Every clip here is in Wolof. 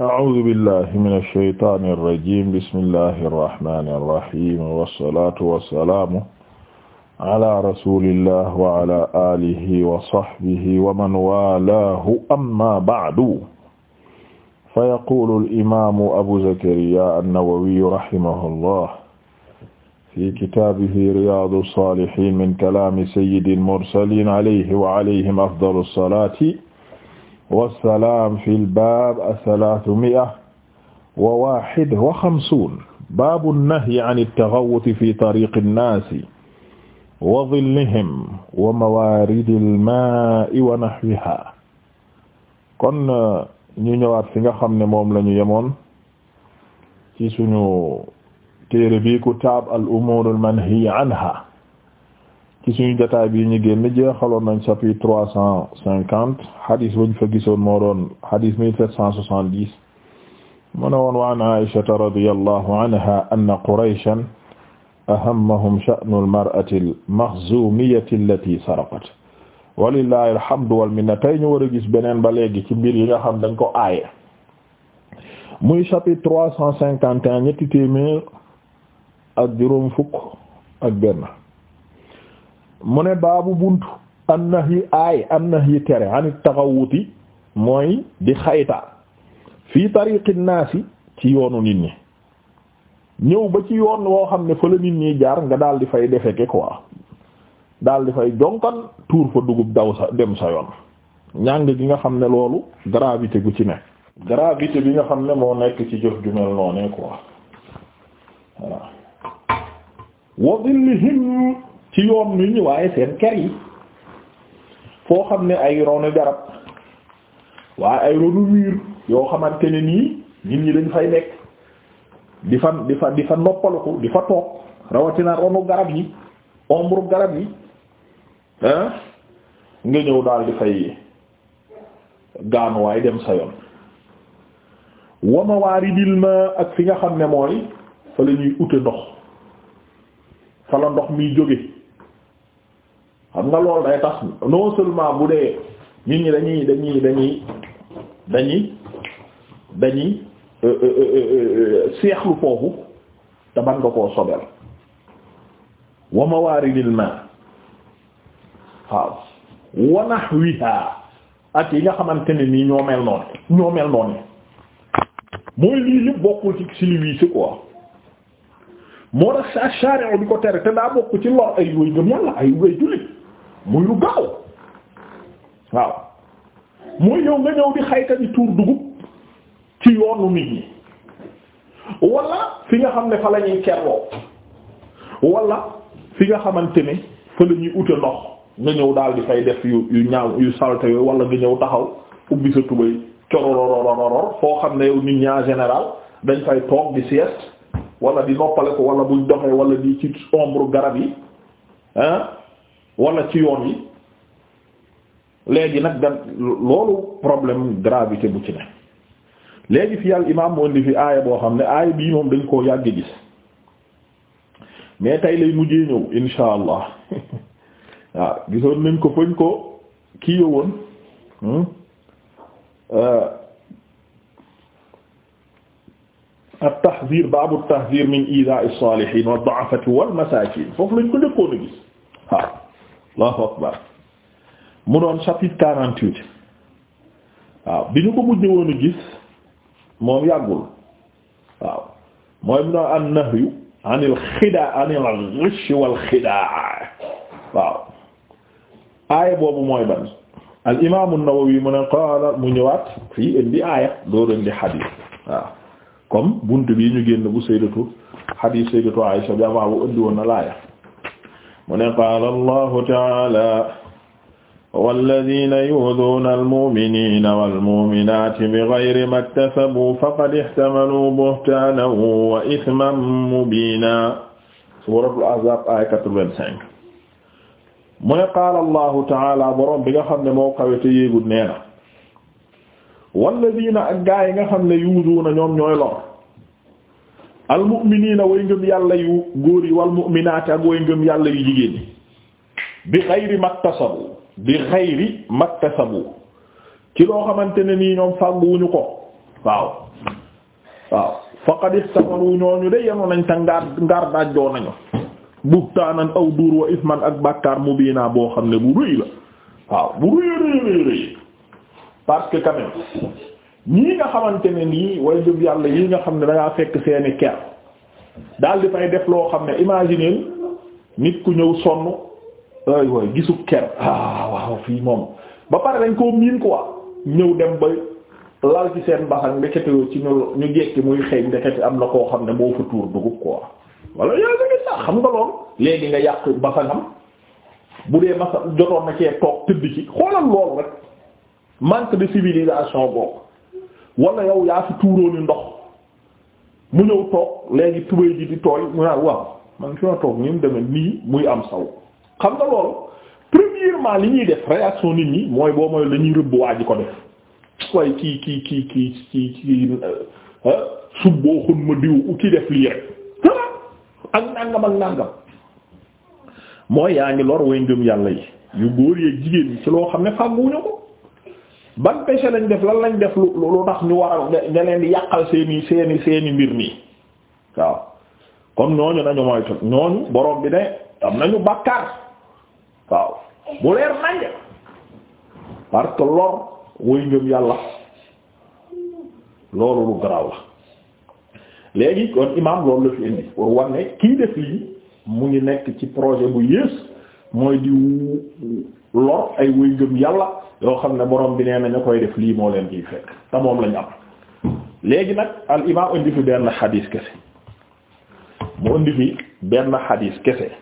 أعوذ بالله من الشيطان الرجيم بسم الله الرحمن الرحيم والصلاة والسلام على رسول الله وعلى آله وصحبه ومن والاه أما بعد فيقول الإمام أبو زكريا النووي رحمه الله في كتابه رياض الصالحين من كلام سيد المرسلين عليه وعليهم أفضل الصلاة wasalaam fil baab asalaatu mi'a wa waaxid wa xamsuun baabu nahyi ani taxawwuti fi tariiqi naasi wa zillihim wa mawaaridil maa'i wa naxwihaa kon ñu ñëwaat fi nga xam ne moom la ñu yemoon ci suñu téere bi kitaab al umuuril manhiyyi anhaa ci suñu jotaay ñu génn jeexaloon nañ chapitre trois cent cinquante hadis bañ gisoon moo doon hadis mille sept cent soixante-dix mu ne woon wa an Aïshata radiyallahu anha anna Qurayshan ahammahum sha'nu al-mar'ati al-makhzumiyyati saraqat walillahi alhamdu wal minna war a gis beneen ba léegi ci mbir yi nga xam dañ ko aaye muy chapitre trois cent cinquante et un ñetti ak juróom fukk ak benn mu ne baabu buntu annahyi aay annahyi tere anit taxaw taxawuti mooy di xayta fii tariqi naasi ci yoonu nit ñi ñëw ba ci yoon woo xam ne fa la nit ñi jaar nga daal di fay defeke quoi daal di fay jonkan tuur fa dugub daw sa dem sa yoon njàng gi nga xam ne loolu gravité gu ci ne gravité bi nga xam ne moo nekk ci jëf ju mel noonee quoi voilà wa dhillihim ci yoon nit ñi waaye seen kër yi foo xam ne ay ronu garab waaye ay ronu wiir yoo xamante ne nii nit ñi dañ fay nekk di fa di fa di fa noppaliku di fa toog rawatina ronu garab yi ombre garab yi nga ñëw daal di fay gaanuwaay dem sa yoon wama waari dil ma ak fi nga xam ne mooy fa la ute ndox fa la ndox miy jóge xam nga loolu day tax non seulement bu dee nit ñi dañuy dañuy dañuy dañuy dañuy euh, euh, euh, seexlu foofu te ban nga koo sobel wa mawaaridil ma waaw wa nahwiha ak yi nga xamante ne nii ñoo mel noonu ñoo mel noonu mooy lii lépp bokkul ci si li si quoi moo tax sa shari'u di ko tere te daa bokk ci lor ay way gëm yàlla ay way jullit muy lu gaaw waaw mooy yow nga ñëw di xayta tuur dugub ci yoonu nit ñi wala fi nga xam ne fa la ñuy kerloo wala fi nga xamante ne fa la ñuy ute ndox nga ñëw daal di fay def yu yu ñaaw yu salte yooyu wala nga ñëw taxaw ubbi sa tubay corororororor foo xam ne yow nit ñi général dañ fay toog di sieste wala di noppale ko wala buñ doxee wala di ci ombre garab yi wala ci yoon léegi nag da loolu problème gravité bu ci ne fi yàlla imaam mu indi fi aaya boo xam ne aaya bi moom dañ koo yàgg gis mais tey lay mujjee ñëw insha allah gisoon nañ ko fañ ko kii yowoon hmm? euh, at-tahzir baabu at-tahzir min iidaa as-saalihiin wa ad-du'afaa wal masaakiin Allahu akbar mu doon chapitre quarante-huit waaw bi ñu ko mujj woon gis moom yàggul waaw mooy mu doon an-nahyu anil xidaa anil ghish wal xidaa waaw aaya boobu mooy ban al imaamu Nawawi mu ne qaala mu ñëwaat fii indi aaya door indi xadiis waaw comme bunt bii ñu génn bu sayyidatu xadiis sayyidatu Aysa bi amaa bu indi woon na laaya mu ne qaala allahu taala walladina yuduuna almuminina walmuminaati bigayri ma ktasabuu faqad ixtamaluu buhtaanan wa isman mubiina suuratul ahzaab aaya 85 mu ne qaala allahu taala boroom bi nga xam ne moo kawe te yéegul nee na walladina ak gaa yi nga xam ne yuduuna ñoom ñooy lor al mu'miniina way ngëm yàlla yu góor yi wal mu'minaati ak way ngëm yàlla yu jigéen ñi bi xayri maktasabu bi xayri maktasabu ci loo xamante ne nii ñoom fàgguwuñu ko waaw waaw faqad istafaru ñooñu de yenu nañ te ngaar ngaar dajjoo nañu buhtaanan aw duur wa isman ak bàkkaar mubiina boo xam ne bu rëy la waaw bu rëy rëy rëy parce que quand ñii nga xamante ne nii way jub yàlla yi nga xam ne da fekk seeni ker daal di fay def loo xam ne imaginer nit ku ñëw sonn ay way gisu ker ah, waaw fii moom ba pare dañ koo miin quoi ñëw dem ba lal ci seen mbaxal ndeketewoo ci ñu ñu jekki muy xëy ndekete am na koo xam ne moo fa tuur dugub quoi wala yaa ngi sax xam nga lool léegi nga yàq basangam bu dee masa jotoon na cee toog tëdd ci xoolal loolu rek manque de civilisation boobu wala yow yaa fi tuuroo ni ndox mu ñëw toog léegi tubéy ji di tooy mu naan waaw man fi ma toog ni mu nii muy am saw xam nga loolu premièrement li ñuy def réaction nit ñi mooy boo mooy la ñuy rëbb waa ko def kii kii kii kii kii kii euh, ah, sub boo xun ma diw ki def lii rek ak nàngam ak nàngam mooy yaa ngi lor way ngëm yàlla yi yu góor yeeg jigéen ñi ci loo xam ne fàgguñu ko ban péché lañ def lan lañ def lu lu tax ñu waral nga leen di yàqal seeni seeni seeni mbir nii waaw kon ñooñu nañu moytu ñooñu borom bi ne am nañu bàkkaar waaw bu leer nañ parce que lor wuy yàlla loolu lu garaaw la léegi kon imaam loolu la fi indi pour wane kii def lii mu ngi nekk ci projet bu yées mooy di lor ay wuy yàlla loo xam ne borom bi nee na ñu koy def lii moo leen ciy fekk te moom lañu am léegi nag al imaam indi fi benn xadiis kese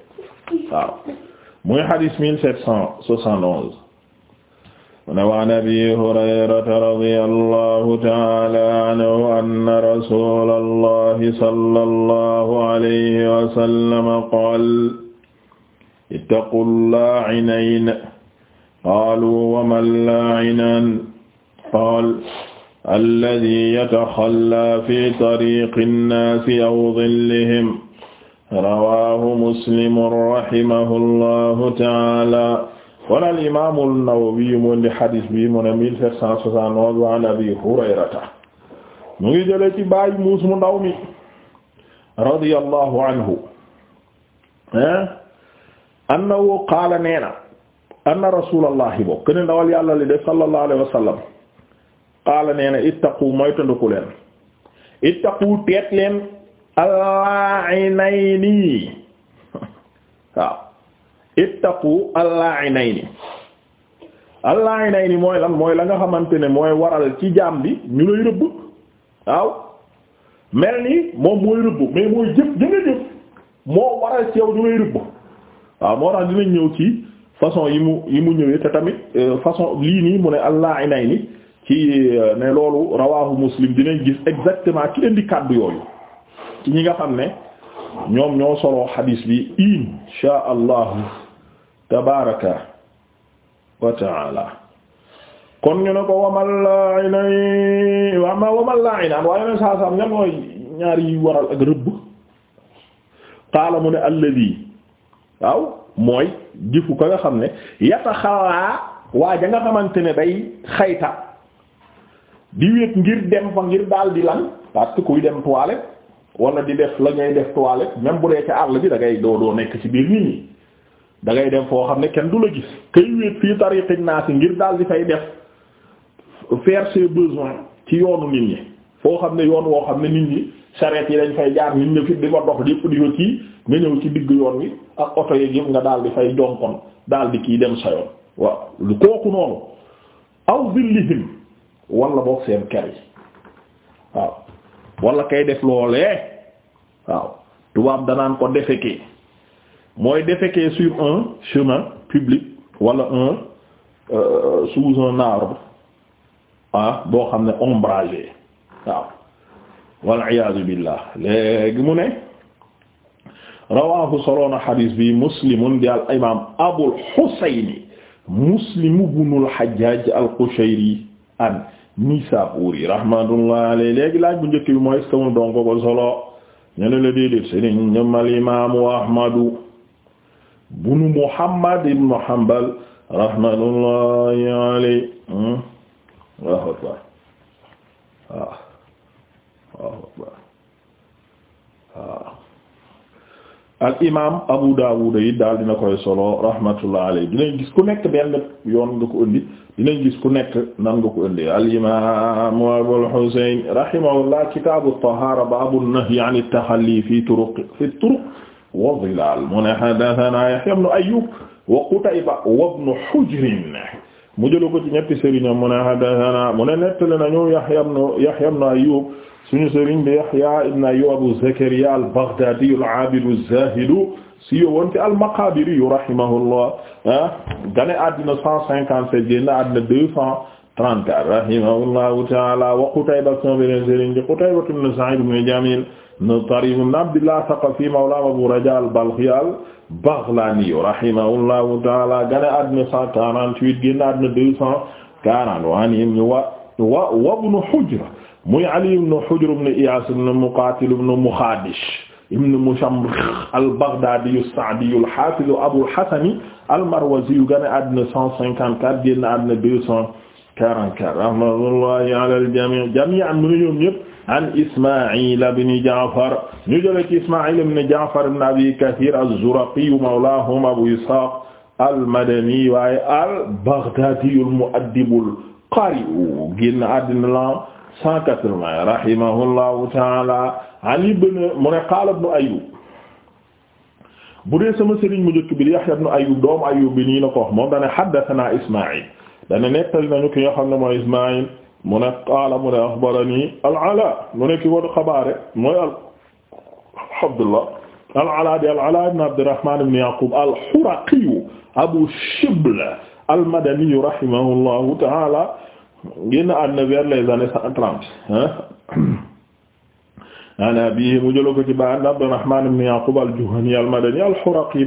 muy xadiis mille sept cent soixante onze ne waan abi hurayrata radia allahu taala anhu anna rasula allahi sala allahu qaal ittaqu llaa'inayni qaalu wa man laa cinaan qaal alladi yataxallaa fi tariiqi nnaasi aw dillihim rawaahu muslimun rahimahullahu taala kon al imaamu Nawawi mu indi xadis bi mu ne 1771 wa an Abi Hurayrata mu ngi jëlee ci baay muus mu ndaw mi radiyallahu anhu eh? annahu qaala neena anna rasulallahi boo këne ndawal yàlla li de sallallahu alayhi wa sallam qaala nee na ittaqu moytandiku leen ittaqu teet leen al-la'inayni waaw ittaqu al-la'inayni al-la'inayni mooy lan mooy la nga xamante ne mooy waral ci jaam bi ñu lay rëbb waaw mel ni moom mooy rëbb mais mooy jëf jënga jëf moo waral ci yow ñu lay rëbb waaw moo tax dinañ ñëw ci façon yi mu yi mu ñëwee te tamit euh, façon lii nii mu ne allah inay ci euh, ne loolu rawahu muslim dinañ gis exactement ki indi kàddu yooyu ci ñi nga xam ne ñoom ñoo soloo xadiis bi insha allahu tabaraka wa taala kon ñu ne ko wamal laa inay waaye neen saa saam ñan mooy ñaar yi waral ak rëbb qaala mu ne alladi waaw mooy jëfu ka nga xam ne yata xalaa waa ja nga xamante ne day xayta di wéet ngir dem fa ngir daal di lan parce que kuy dem toilette wala di def la ngay def toilette même bu dee ci àll bi da ngay doo nekk ci biir nit ñi da ngay dem foo xam ne kenn du la gis kay wéet fii tariqi naasi ngir daal di fay def faire ses besoins ci yoonu nit ñi foo xam ne yoon woo xam ne nit ñi charrette yi dañ fay jaar nit ñi fi di ko dox lépp di ko kii nga ñëw ci digg yoon wi ak oto yeeg yëpp nga daal di jonkon daal di kii dem sayoon waaw lu kooku noonu aw zillihim wala boog seen ker yi waaw wala kay def loolee waaw tubaab danaan ko déféquer mooy déféquer sur un chemin public wala un euh, sous un arbre ah boo xam ne ombragé waaw wal iyaazu billah léegi mu ne rawaahu soloona xadis bi muslimun di al imaam abul xusayni muslim ibnul xajjaaj al qushayri an nisaabuuri rahmatullahi alayhi léegi laaj bu njëkk bi mooy est-ce que mu doon ko ko solo ñu ne la déedéet sëriñ ñoom al imaamu ahmadu bunu muhammad ibnu hanbal rahmatullahi alayhi waaw waaw waaw al imaam Abu Dawud yi daal dina koy solo rahmatullah alayhi dinañ gis ku nekk benn yoon nga ko indi dinañ gis ku nekk nan nga ko indi al imaam Abul Husayn rahimahullah kitaabu tahaara baabu nahyi an at-taxalli fi turuq fi turuq wa zilaal mu ne haddathanaa Yahyaa ibnu Ayyuub wa Qutayba wa ibnu Hujr mu jëlu ko ci ñetti sëriñam mu ne haddathanaa mu ne nettali nañu Yahyaa ibnu Yahyaa ibnu Ayyuub suñu sëriñ bi Yahya ibn Ayyub Abu Zakariya al-Baghdadi al-abid az-zahid si woon ci al-Maqabiri yu rahimahullah ah, gane àddina cent cinquante-sept génn àddina deux cent trente-quatre rahimahullahu ta'ala wa Qutayba son beneen sëriñ bi Qutayba ibn Sa'id ibn Jamil ibn Tarif ibn Abdillah Thaqafi mawla Abu Raja al-Balkhi al-Baghlani rahimahullahu ta'ala gane àddina cent quarante-huit génn àddina deux cent quarante wa wa wa ibn Hujra muy Ali ibn Hujr ibn Iyas ibn Muqatil ibn Mukhadish ibn Mushamr al-Baghdadi as-Sa'di al-Hafiz Abu al-Hasan al-Marwazi yu gane àddina 154 génn àddina 244 rahmatullahi ala al-jami' jami'an mu ngi ñoom ñëpp an Isma'il ibn Ja'far ñu jëlee ci Isma'il ibn Ja'far ibn Abi Kathir az-Zuraqi mawlahum Abu Ishaq al-Madani waaye al-Baghdadi al-mu'addib al-qari génn àddina la cent quatre-vingts rahimahullahu taala Ali ibn mu ne qaala ibn Ayyub bu dee sama sëriñ mu njëkk bi di Yahya ibn Ayyub doomu Ayyub bi nii la ko wax moom dane haddathana Ismaïl dane nettali nañu ki nga xam ne mooy Ismaïl mu ne qaala mu ne axbarani al-Alaa mu ne ki won xabaare mooy Abdullah al-Alaa di al-Alaa ibn Abdurrahmaan ibn Yaquub al-Huraqi Abu Shibl al-Madani rahimahullahu taala génn àddina vers les années cent trente ana bii mu jëlo ko ci ba Abdurrahman ibn Yaqub al-Juhani al-Madani al-Huraqi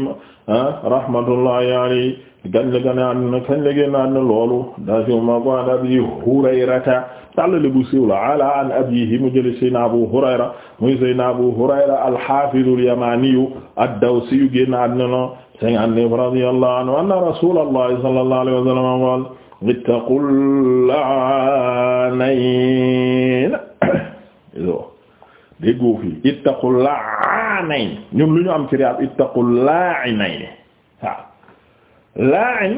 rahmatullahi alayhi gan la gën a àddina kañ la génn àddina loolu daa si ma ko an Abi Hurayrata tàllale bu siiw la ala an abihi mu jële Seydina Abu Hurayra muy Seydina Abu Hurayra al-Hafiz al-Yamani ad-Dawsi génn àddina la cinquante-neuf radiyallahu anhu anna Rasulullah sallallahu alayhi wa sallam ittaqul la'anayn déggoo fii ittaqul la'anayn ñun lu ñu am ci riab ittaqul la'inayn waaw la'in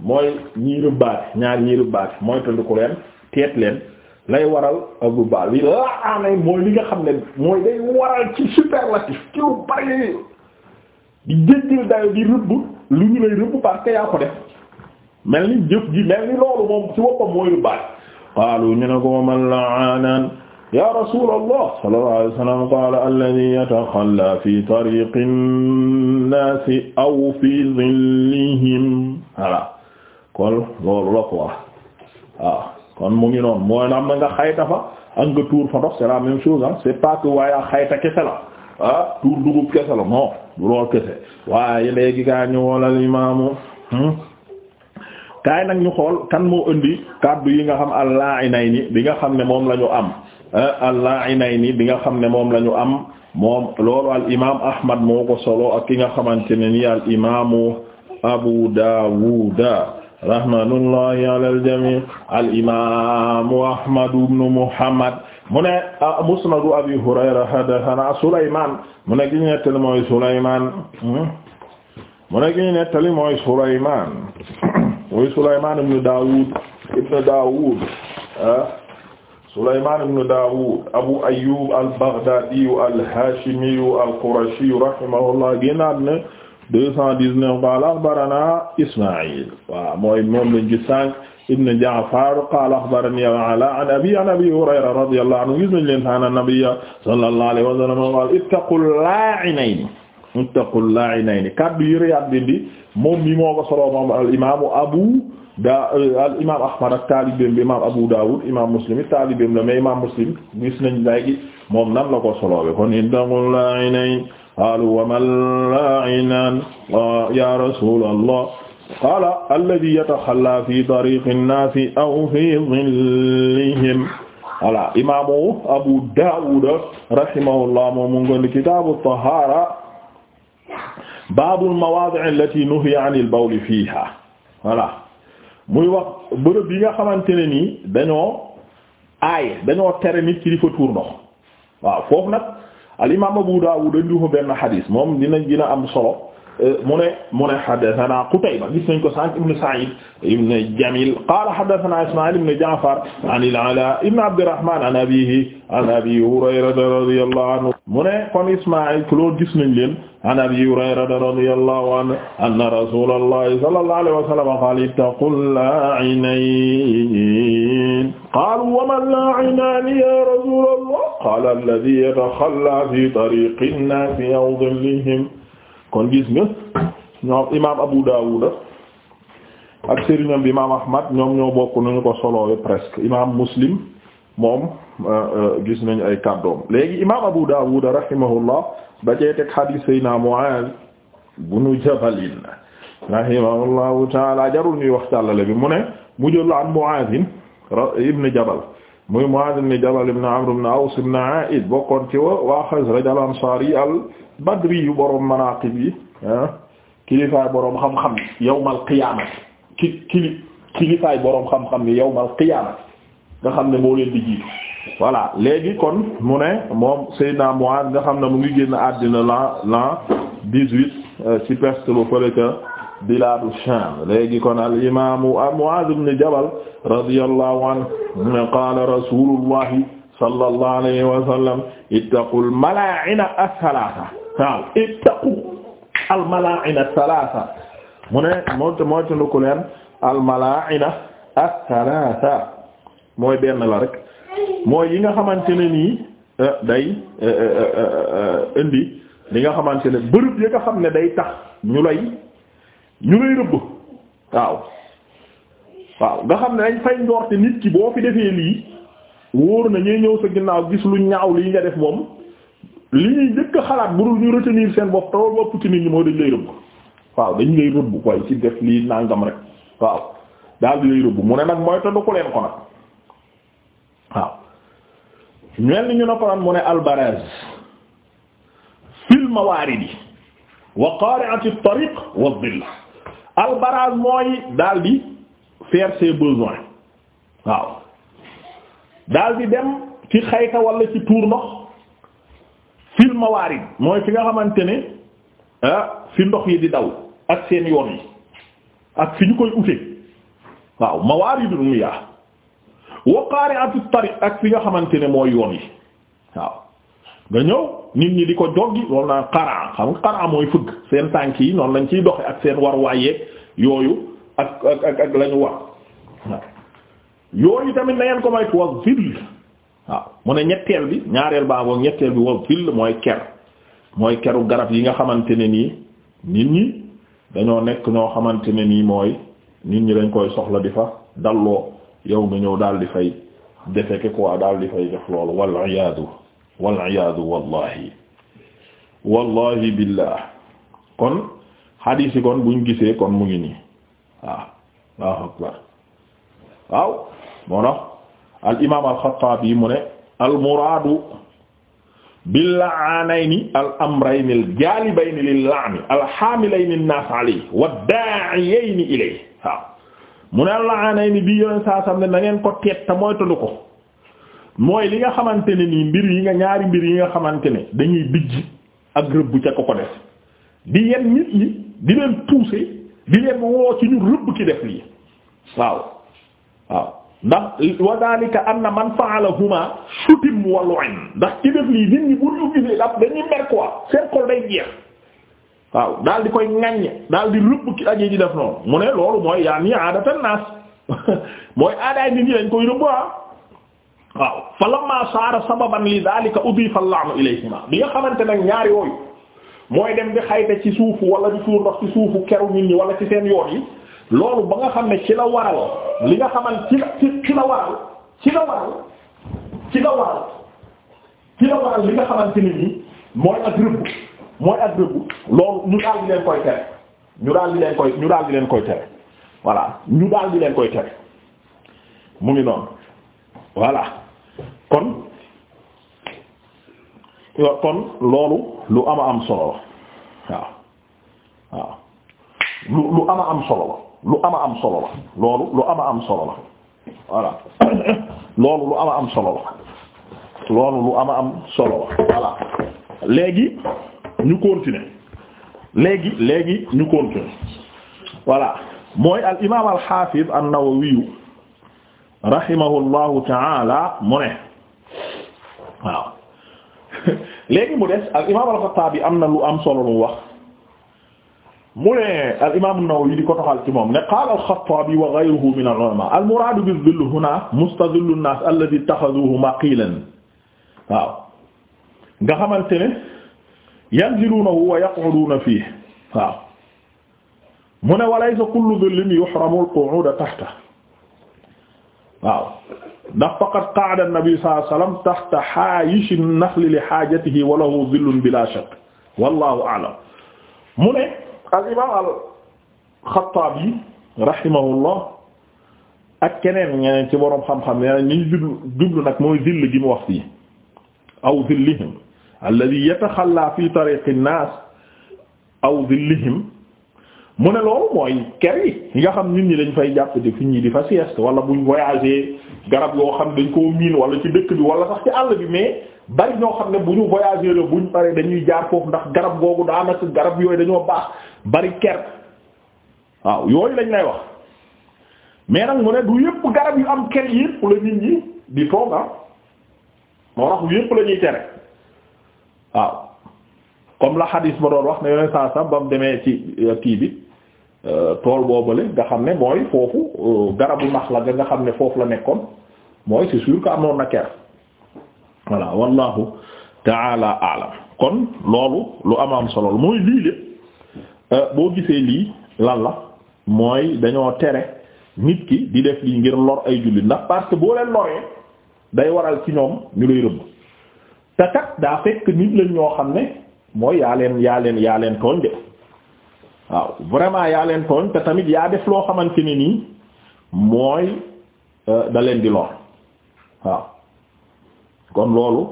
mooy ñi rëbbaate ñaar ñiiru rëbbaate mooy tandiku leen teet leen lay waral abu baal yi la'anayn mooy li nga xam ne mooy day waral ci superlatif ci bari di jéggil dayo di rëbb lu ñu lay rëbb parce que yaa ko def mel ni jëf loolu moom ci boppam mooy lu baax qaalu ñu ne ko wa man la'aanan rasulallah sallallahu alayhi wa sallam qaala alladhi yatakhalla fi tariqi nnaasi aw fi dhillihim kon loolu la quoi kon mu ngi noonu mooy am na nga xayta fa ak tuur fa ndox c'est la même chose ah pas que waaye xayta kese la ah, tuur dugub kese la non loolu kese waaye léegi gaa ñu wala imaamu hmm? kaay nag ñu xool kan moo indi kàddu yi nga xam al-la'inayni bi nga xam ne moom la ñu am eh, al-la'inayni bi nga xam ne moom lañu ñu am moom loolu al imaam Ahmad moo ko solo ak ki nga xamante ne ni al imaamu Abu Daawuda rahmatullahi ala al-jamii al imaamu Ahmad ibn Muhammad mu ne musnadu Abi Hurayra haddathana Sulaymaan mu ne ki ñu nettali mooy Sulaymaan hmm? mu ne ki ñu nettali mooy Sulaymaan muy Sulaymaan ibn Daawud ibn Daawud ah Sulaymaan ibn Daawud Abu Ayyub al-Baghdaadi al-Haashimi al-Qurashi rahimahullah génnaat na deux cent dix-neuf qaala axbaranaa Ismaa'il waaw mooy moom lañ gis sànq ibn Ja'far qaala axbaranii Alaa an abiihi an Abii Hurayra radiyallaahu anhu gis nañ leen anna nabiyya sallallaahu alayhi wa sallam qaala ittaqu laa'inayni muttaqul la'inayni kaddu yi Riyaad bi moom mi moo ko solo moom al imaamu abu da al imaam Ahmad ak taalibeem bi imaam Abu Dawud imaam Muslim taalibeem la mais imaam Muslim gis nañ léegi moom nan la ko soloowe kon ittaqul la'inayn qaalu wa mal la'inan ya rasulallah qaala alladhi yatakhalla fi tariqin naasi aw fi dhillihim voilà imaamu Abu Dawud rahimahullah moom mu ngi kitaabut tahaara baabul mawaadi' allati nuhiya anil bawli fiiha voilà muy wax bërëb yi nga xamante ne nii dañoo aaye dañoo tere nit ci di fa tuur ndox waaw foofu nag al imaam Abu Daawud andi fa benn xadiis moom dina dina am solo. Euh, mu ne mu ne haddathana Qutayba gis nañ ko sànq ibn Sa'id ibn Jamil qala haddathana Isma'il ibn Ja'far an al-Ala ibn Abdirrahman an abihi an Abi Hurayra radiyallahu anhu mu ne kon Isma'il loolu gis nañ leen an Abi Hurayra radiyallahu anhu anna Rasulallahi sallallahu alayhi wa sallam qala ittaqul laa'inayn qalu wa man laa'inaani ya Rasulallah qala alladhi yatakhalla fi tariqi an-naasi aw dhillihim kon gis nga ñoom imaam Abu Dawud ak sëriñam bi imaam Ahmad ñoom ñoo bokk nañu ko soloowe presque imaam Muslim moom euh, euh, gis nañu ay kàddoom léegi imaam Abu Dawud rahimahullah da cee teg xadiis sayna Mu'aaz bunu taala jarul ñuy wax càllale bi mu ne mu jël an Mu'aaz ibn Jabal muy Mu'aaz Jabal ibn Amr ibn Aws ibn Aa'id bokkoon ci wa waa ansaari badri yu borom manaqib yi ah, kilifaay borom xam-xam yawmal qiyaamati ki kili kilifaay borom xam-xam yi yawmal qiyaamati xam ne moo leen di jiitu voilà léegi kon mu ne moom Seydina Muaaz nga xam ne mu ngi génn àddina l'an l'an dix-huit euh, ci peste al imaamu ah, Muaaz Jabal radiyallahu anhu qaala rasuulullahi sallallahu alayhi wa sallam ittaqul malaa'ina as waaw ittaqu almala'ina thalatha mu ne moytu moytu lu ko leen almala'ina thalatha mooy benn la rek mooy yi nga xamante ne nii eh, day eh, eh, indi li nga xamante ne bërëb yi nga xam ne day tax ñu lay ñu lay rëbb waaw waaw nga xam ne dañ fay ndoorte nit ki boo fi defee lii wóor na ñuy ñëw sa ginnaaw gis lu ñaaw lii nga def moom li ñuy njëkk xalaat bu dul ñu retenir seen bopp taw ba ëpp ci nit ñi moo dañ lay rëbb waaw dañ lay rëbb waaye ci def lii nangam rek waaw daal di lay rëbb mu ne nag mooy te du ko leen ko nag waaw. ñenn ñu ne ko nag mu ne albaraz fil mawaridi wa qari'ati at-tariq wa dhill albaraz mooy daal di faire ses besoins waaw daal di dem ci xayta wala ci tuur ndox. fil mawaarid mooy fi nga xamante ne ah fi ndox yi di daw ak seen yoon yi ak fi ñu koy ute waaw mawaaridul miyaah wa qari'atut tariq ak fi nga xamante ne mooy yoon yi waaw nga ñëw nit ñi di ko joggi loolu naa xaraa xam nga xaraa mooy fëgg seen tànk yi noonu lañ ciy doxe ak seen war waayeeg yooyu ak ak ak la ñu yooyu tamit na ngeen ko may tuwa ville waaw mu ne ñetteel bi ñaareel baagoog ñetteel bi wa fil mooy ker mooy keru garab yi nga xamante ne nii nit ñi dañoo nekk ñoo xamante ne nii mooy nit ñi dañ koy soxla bi fa dalloo yow nga ñëw daal di fay defeke quoi daal di fay def loolu wal iyaadu wal iyaadu wallahi wallahi billah kon xadiis yi kon buñ gisee kon mu ngi nii waaw waaw moo tax al imaam al xattaabi mu ne al muraadu bil la'aanayni al amrayni al jaalibayni lil la'ni al xaamilayni naas alayhi wad daa'iyayni waaw mu ne al la'aanayni bii yoneen saa sam ne na ko teet te moytandu ko mooy li nga xamante ne nii mbir yi nga ñaari mbir yi nga xamante ne dañuy bijj ak rëbb ca ko ko def di yen nit ñi di leen pousser di leen woo ci ñu rëbb ki def lii waaw waaw ndax wa dalika anna man fa'alahuma sutim wa lu'in ndax ci def lii nit ñi bu ñu gisee dañuy mer quoi seen xol day jeex waaw daal di koy ŋaññe daal di rëbb ki aje def noonu mu ne loolu mooy yaa nii aadatan naas mooy aadaay nit ñi dañ koy rëbb ah waaw fa lamma saara sababan li dalika udifa al-la'nu ilayhima bi nga xamante nag ñaar yooyu mooy dem di xayta ci suufu wala di tuur ndox ci suufu keru nit ñi wala ci seen yoon yi loolu ba nga xam ne ci la waral li nga xamal ci la ci la waral ci la waral ci la waral ci la waral li nga xamante ne nii mooy ak rëbb mooy ak rëbb loolu ñu daal di leen koy tere ñu daal di leen koy ñu daal di leen koy tere voilà ñu daal di leen koy tere mu ngi noonu voilà kon kon loolu lu ama am solo la waaw waaw lu lu ama am solo la. lu ama am solo loolu lu ama am solo la loolu lu ama am solo la loolu lu ama am solo la voilà léegi léegi léegi ñu continuer voilà mooy al imaam al xaafiz an-Nawawi rahimahullahu taala mu ne waaw léegi mu des al imaam al Xattaabi am na lu am solo lu wax. mu ne al imam an-Nawawi di ko toxal ci moom ne qaala al-Khattabi wa ghayruhu min al-ulama al-muradu bi-dhill huna mustadhillu an-nas alladhi ittakhadhuhu maqilan waaw nga xamante ne yanzilunahu wa yaq'uduna fihi waaw mu ne wa laysa kullu dhillin yuhramu al-qu'uda tahta waaw ndax faqad qa'ada an-nabi sallallahu alayhi wasallam tahta haayish an-nakhl li haajatihi wa lahu dhillun bila shakk wallahu a'lam mu ne al imaam al Xattaabi rahimahullah ak keneen ñeneen ci boroom xam-xam nee nañ ñu jublu jublu nag mooy zill gi mu wax fii aw zillihim alladi yataxalla fi tariqi nnaas aw mu ne loolu mooy ker yi xam nit ñi dañ fay jàpp di di fa sieste wala buñ voyagé garab yoo xam dañ koo miin wala ci dëkk bi wala sax ci àll bi mais bari ñoo xam ne bu ñu voyagé la buñ paree dañuy jaar foofu ndax garab googu daanaka garab yooyu dañoo baax bari ker waaw yooyu lañ lay wax mais nag mu ne du yépp garab yu am ker yépp la di tooga ah. moo tax du yépp la tere waaw comme la xadis ba doon wax ne yoneen saa sam ba mu demee ci euh, kii bi euh, tool boobale nga xam ne mooy foofu euh, garabu nax la nga xam ne foofu la nekkoon mooy c'est sûr que amoon na ker voilà wallahu taala alam kon loolu lu amaam solo muy lii lépp Euh, boo gisee lii lan la mooy dañoo tere nit ki di def lii ngir lor ay jullit ndax parce que boo leen loree day waral ci ñoom ñu lay rëbb te kat daa fekk nit lañ ñoo xam ne mooy yaa leen yaa leen yaa leen tooñ de waaw vraiment yaa leen tooñ te tamit yaa def loo xamante ne nii mooy euh, da leen di lor waaw kon loolu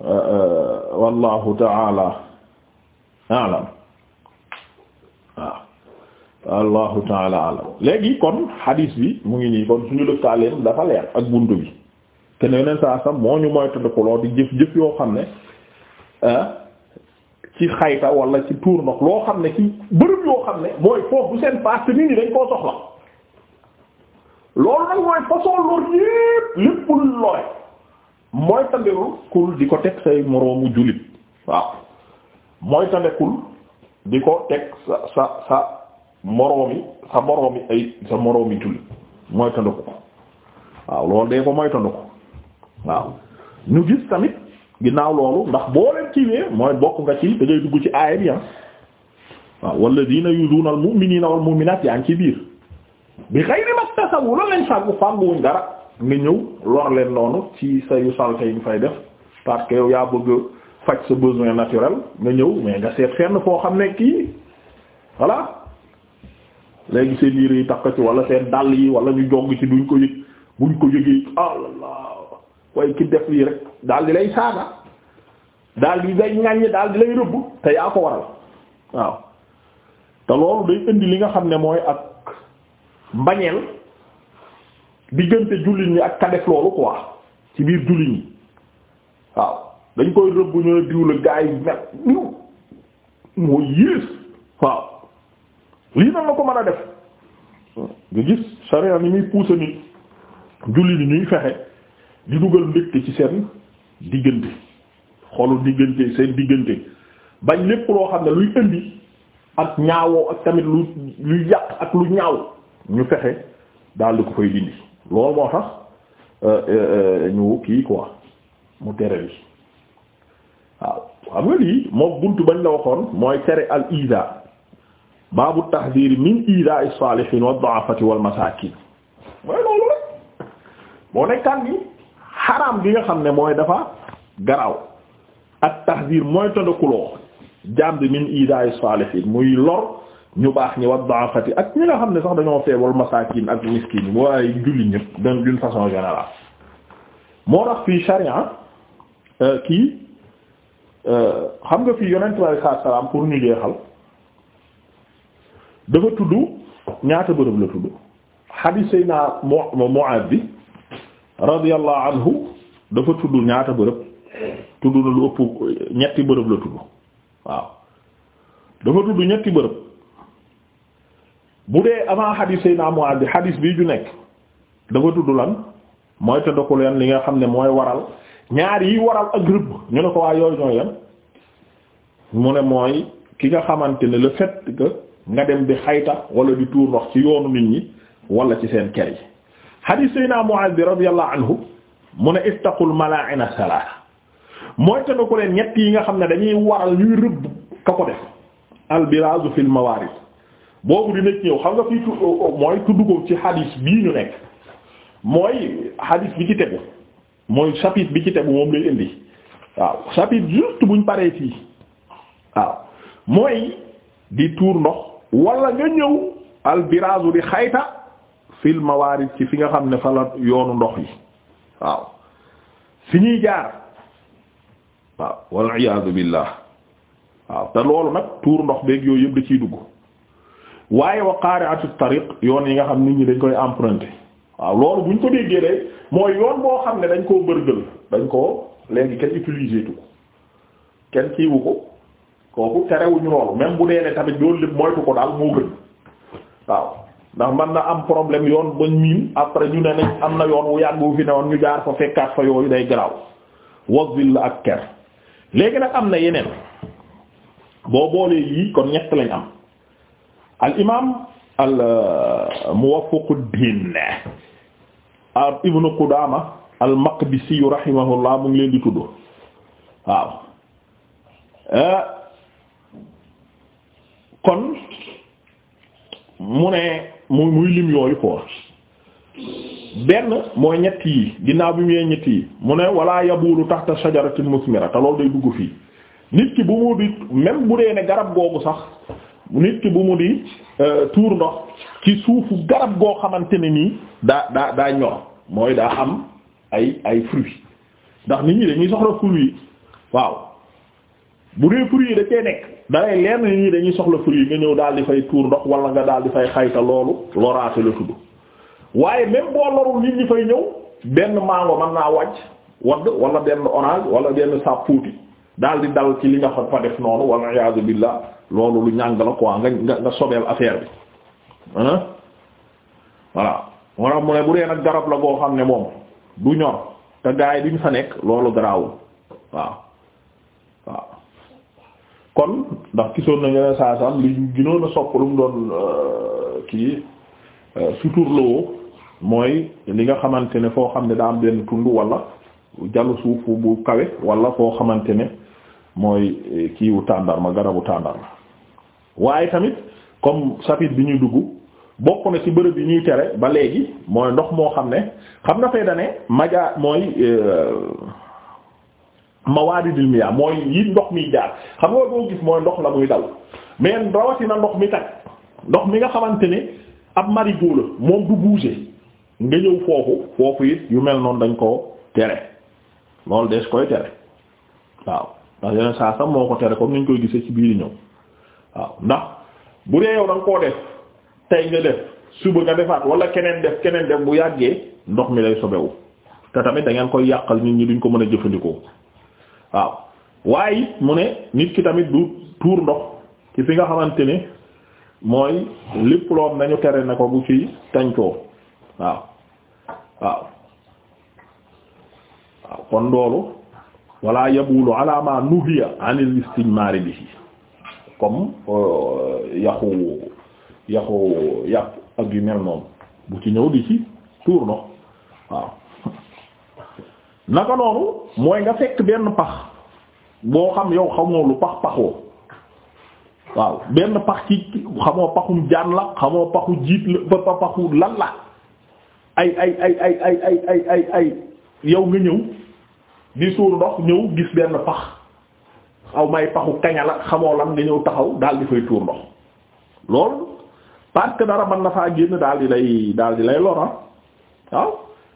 euh, wallahu ta'ala a'lam allahu taala alam léegi kon hadis bi mu ngi nii kon suñu lëkkaaleem dafa leer ak bunt bi te ne yeneen saa sax moo ñu moytandikuloo di jëf jëf yoo xam ne ah, ci xayta walla ci tuur ndox loo xam ne ci bërëb yoo xam ne mooy foofu seen paas te nit dañ koo soxla loolu nag mooy façon lor yépp lépp lu lore mooy tandikul di ko teg say moroomu jullit di ko teg sa sa sa moroomi sa moroomi ay sa moroomi jullit moytandiku ko waaw loolu dee ko moytandiku waaw ñu gis tamit ginnaaw loolu ndax boo leen kiiwee mooy bokk nga ci da ngay dugg ci aaya bi ah. waaw walladiina yuzuuna al-mu'miniina wal-mu'minaat yaa ngi ci biir bi xayri maktasabu loolu lañ fàggu fàgguwuñ dara nga ñëw lor leen noonu ci sa yu salte yi ñu fay def parce que yow yaa bëgg faj sa besoin naturel nga ñëw mais nga seet fenn foo xam ne kii voilà léegi seen yére yi takk ci wala seen dàll yi wala ñu jog ci duñ ko yëg buñ ko yëgee allah waaye ki def lii rek daal di lay saaga daal di lay ñàññ daal lay rëbb te yaa ko waral waaw te loolu day indi li nga xam ne mooy ak mbañeel diggante jullit ñi ak ka def loolu quoi ci biir jullit ñi waaw dañ koy rëbb ñu diw la gaa yi mooy yées waaw lii nan la ko mën a def nga gis sharia ni muy pousser nit julli ni ñuy fexe di dugal mbégte ci seen diggante xolu diggante seen diggante bañ lépp loo xam ne luy indi ak ñaawoo ak tamit lu lu yàq ak lu ñaaw ñu fexe daal di ko koy dindi loolu moo tax euh, euh, ñu kii quoi mu tere li waaw xam nga lii moom buntu bañ la waxoon mooy tere al ida baabu tahdhir min ida'i salihin wa dha'afati wal masakin mooy loolu rek moo nekkaan gi xaraam gi nga xam ne mooy dafa garaaw ak tahdhir mooy tondakuloo jaam bi min ida'i salihin muy lor ñu baax ñi wa dha'afati ak ñi nga xam ne sax dañoo feebal masakin ak miskin waaye julli ñëpp donc d'une façon générale moo tax fii sharia euh, kii euh, xam nga fii yonent bi sallallahu pour ñu jeexal dafa tudd ñaata bërëb la tudd hadith sayna Mu'aaz bi radiyallahu anhu dafa tudd ñaata bërëb tudd na lu ëpp ñetti bërëb la tudd waaw dafa tudd ñetti bërëb bu dee avant hadith sayna Mu'aaz bi hadith bii ju nekk dafa tudd lan mooy te doku leen li nga xam ne mooy waral ñaar yi waral ak rëbb ñu ne ko waa yooyu ñoo yem mu ne mooy ki nga xamante ne la fait que nga dem di xayta wala di tuur ndox ci yoonu nit ñi wala ci seen kër yi hadith sayna Mu'adh bi radiyallahu anhu mu ne istaqul mala'ina salaasa mooy te ko leen ñett yi nga xam ne dañuy waral ñuy rëbb ka ko def albiraazu fil mawarid boobu dina ñëw xam nga fii mooy tudd ko ci hadith bii ñu nekk mooy hadith bi ci tegu mooy chapitre bi ci tegu moom lay indi waaw chapitre juste buñ paree fii waaw mooy di tuur ndox wala nga ñëw albiraasu di xayta fil mawaarid ci fi nga xam ne fa yoonu ndox yi waaw fi ñuy jaar waaw wal iyaadu billaah waaw te loolu nag tuur ndox beeg yooyu yëpp da ciy dugg waaye wa qaari'atu tariq yoon yi nga xam nit ñi dañ koy emprunté waaw loolu buñ ko déggee day mooy yoon boo xam ne dañ koo bërgël dañ koo léegi kenn utiliser tu kenn kiiwu ko kooku terewuñu loolu même bu dee ne tamit loolu lépp moytu ko daal moo gën waaw ndax man na am problème yoon bañ miin après ñu ne nañ am na yoon wu yàgg wu fi woon ñu jaar fa fekkaat fa yooyu day garaaw wasville la ak ker léegi nag am na yeneen boo boolee yii kon ñett lañ am al imaam al euh, muwaffaquddin ibnu qudama al maqdisi rahimahullah mu ngi leen di tudd waaw euh, kon mu ne mu muy lim yooyu quoi benn mooy ñett yi ginnaaw bi muy ñett yi mu ne wala yabulu taxta shajaratin musmira te loolu day dugg fii nit ki bu mu di même bu dee ne garab googu sax nit ki bu mu di euh, tuur ndox ci suufu garab goo xamante ne nii da daa daa ñor mooy daa am ay ay fruits ndax nit ñi dañuy soxla fruits waaw bu dee fruits yi da cee nekk. dangay lenn ñi dañuy soxla fur yi nga ñëw daal di fay tuur ndox wala nga daal di fay xayta loolu loraate la tudd waaye même boo lorul nit ñi fay ñëw benn mango mën naa wàcc wadd wala benn orange wala benn sàppuuti daal di dal ci li nga fa fa def noonu wala iyaazu billah loolu lu ñàng la ko nga nga nga sobeel affaire bi ah voilà mu ne bu dee nag garab la goo xam ne moom du ñor te gaay duñ fa nekk loolu garaawul waaw waaw kon ndax gisoon nañu ne saa saam li gënoon a sopp lu mu doon euh, kii euh, suturloo mooy li nga xamante ne foo xam ne daa am benn tund wala jalu suuf bu kawe walla foo xamante ne mooy euh, kiiwu tàndarma garabu tàndarma waaye tamit comme chapitre bi ñuy dugg bokk na ci bërëb yi ñuy tere ba léegi mooy ndox moo xam ne xam na fay dane maja mooy mawaridil miya mooy yi ndox miy jaar xam nga boo gis mooy ndox la muy daw mais rawatina ndox mi tag ndox mi nga xamante ne ab marigot la moom du bouger nga ñëw foofu foofu it yu mel noonu dañ koo tere loolu des koy tere waaw ndax yeneen saa sax moo ko tere comme niñ koy gisee ci biir ñëw waaw ndax bu dee yow da koo def tey nga def suba nga defaat wala keneen def keneen def bu yàggee ndox mi lay sobewu te tamit da ngeen koy yàqal nit ñi duñ ko mën a jëfandikoo waaw waaye it mu ne nit ki tamit du tuur ndox ci fi nga xamante ne mooy lépp loom nañu tere na ko bu fi tàncoo waaw waaw waaw kon loolu wala yabulu ala ma nuhiya anil istimar bihi comme euh, yaxu yaxu yàpp ak yu mel noonu bu ci ñëw di ci tuur ndox waaw naka noonu mooy nga fekk benn pax boo xam yow xamoo lu pax paxoo waaw benn pax ci xamoo paxum jaan la xamoo paxu jiit la paxu lan la ay ay ay ay ay ay ay yow nga ñëw di suur ndox ñëw gis benn pax aw may paxu kaña la xamoo lan nga ñëw taxaw daal di fay tuur ndox loolu parce que dara mën na génn daal di lay dal di lay lora ah. waaw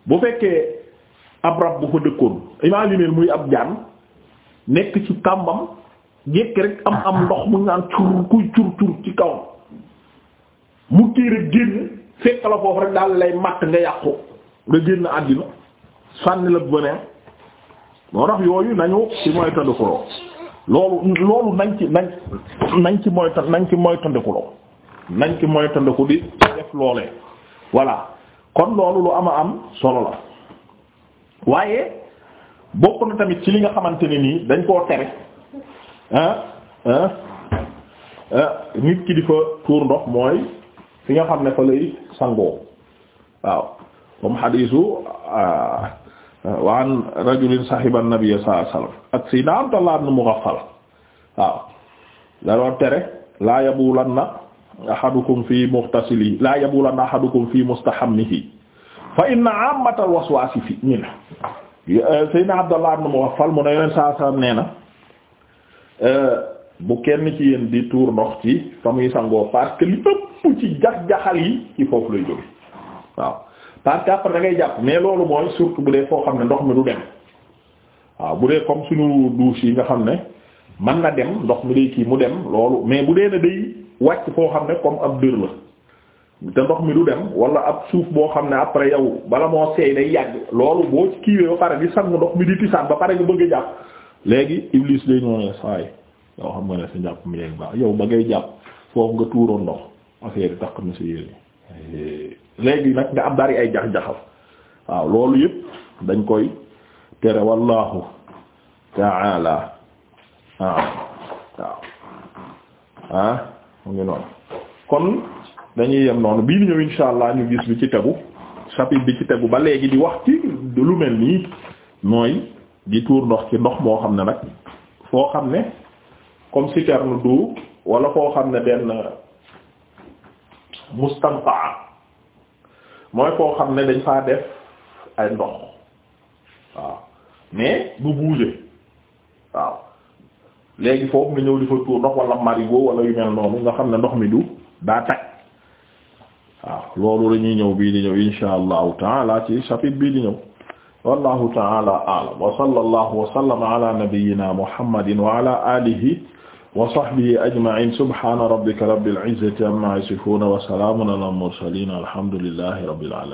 bu fekkee. ab rab bu ko dëkkoon imaginer muy ab jaan nekk ci tàmbam jekk rek am am ndox mu naan cur kuy cur ci kaw mu téere génn fekk la foofu rek daal lay matt nga yàqu nga génn àddina sànni la beneen nañu ci mooy tëndikuloo loolu loolu nañ ci nañ nañ ci mooy nañ ci mooy tëndikuloo nañ di def loolee voilà kon loolu lu ama am solo la waaye bokk na tamit ci li nga xamante ni nii dañ koo tere ah, ah ah nit ki di fa tuur ndox mooy fi nga xam ne fa lay sangoo waaw comme xadiisu ah, wa an rajulin sahiba an-nabiy sallallahu alayhi wasallam ak sayyidina Abdallah ibn Mughaffal waaw da doon tere laa yabulanna ahadukum fi mughtasili laa yabulanna ahadukum fi mustahammihi fa inna ammatal waswaasi fi ñu ne Seydina Abdallah ibn Mughaffal mu ne yeneen saa saa nee na euh, bu kenn ci yéen di tuur ndox ci fa muy sangoo parce que li ëpp ci jax-jaxal yi ci foofu lay jóge waaw parce que après da jàpp mais loolu mooy surtout bu dee foo xam ne ndox mi du dem waaw bu dee comme suñu douche yi nga xam ne man na dem ndox mi day kii mu dem loolu mais bu dee ne day wàcc foo xam ne comme ab dër la. te ndox mi du dem wala ab suuf boo xam ne après yow bala moo seey day yàgg loolu boo kiiwee ba pare di sangu ndox mi di tisaan ba pare nga bëgg a jàpp léegi iblis day ñëw ne saay xam nga mi yeeg yow ba ngay jàpp foofu nga tuuroon ndox affaire yi si léegi nag nga am bari ay jax-jaxal waaw loolu yëpp dañ koy tere wallahu ta'ala waaw waaw ah mu ngi noonu kon dañuy yem noonu bii di ñëw insha allah ñu gis bi ci tegu chapitre bi ci tegu ba léegi di wax ci lu mel nii mooy di tuur ndox ci ndox moo xam ne nag foo xam ne comme citerne du wala foo xam ne benn mustanqa mooy foo xam ne dañ faa def ay ndox waaw mais bu bouger waaw léegi foofu nga ñëw di fa tuur ndox wala marigot wala yu mel noonu nga xam ne ndox mi du daa tag loolu la ñuy ñëw bii di ñëw insha allahu taala ci chapitre bii di ñëw wallahu taala a'lam wa sallallahu wa sallama ala nabiyyina muhammadin wa ala alihi wa sahbihi ajma'in subhana rabbika rabbil izzati amma yasifun wa salamun ala mursalin alhamdulillahi rabbil alamin